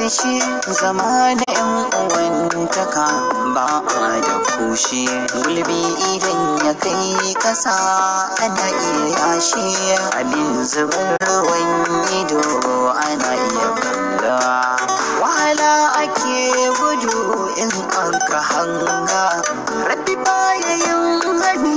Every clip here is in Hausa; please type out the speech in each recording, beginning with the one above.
harshe zama da yan uwantaka ba a da kushe gulbi idan ya kai kasa ana iya yashe abin zubar ruwan ido ana iya kalla wahala ake gudu in an ka hanga rabi bayayin gani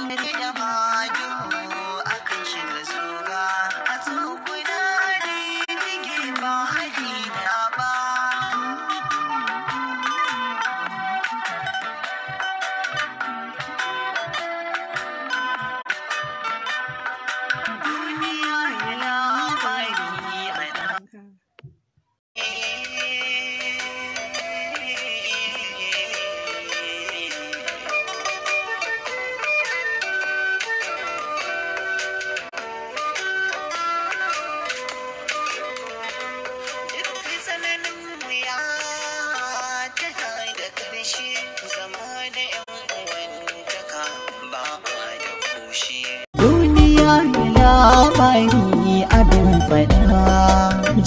faɗa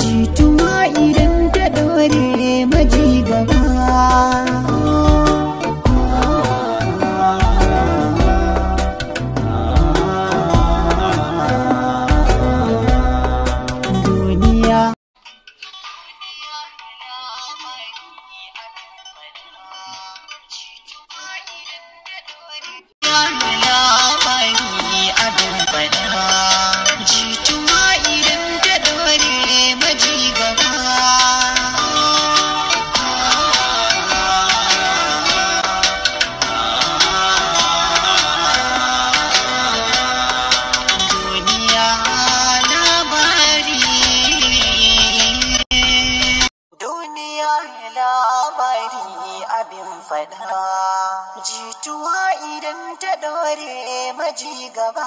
jituwa idan abin faɗa jituwa idan ta ɗore maji gaba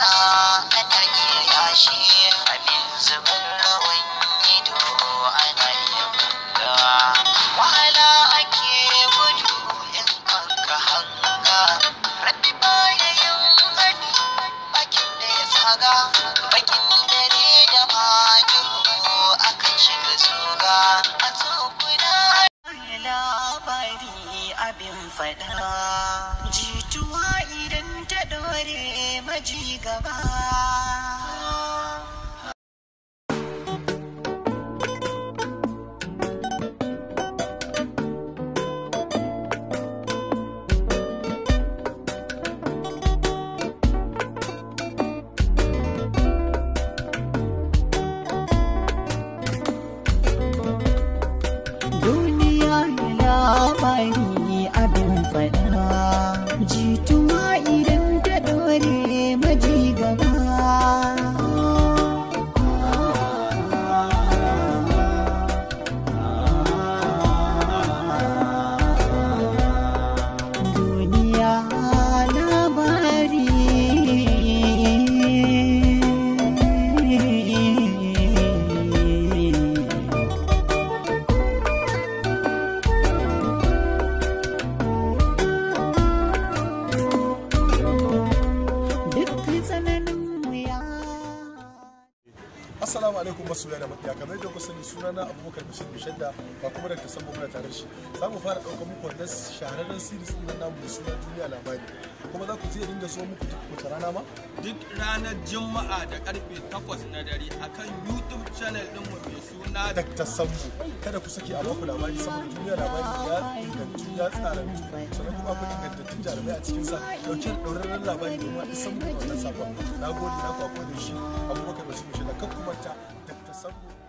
ƙasa ana iya yashi abin zubar rawan ido ana iya gaggawa wahala ake gudu in aka hanga rabi bayan yin gani bakin da ya saga bakin ji ci gaba. duniya labari abin faɗa assalamu alaikum masoya da matiya kamar yadda kuka sani sunana abubakar bashir da ba kuma da ta san tare shi za mu fara ɗaukar muku wannan shahararren series ɗin namu da suna duniya labari kuma za ku iya dinga so muku wata rana ma duk ranar juma'a da karfe 8 na dare akan youtube channel din mu mai suna Dr. Sambu kada ku saki a baku labari saboda duniya labari ya ingantu ya tsara sannan kuma akwai ingantattun jarumai a cikin sa daukar ɗaurarren labari da a san da wannan sabon na gode na kwakwa da shi abubakar basu su shi da kan ta Dr. Sambu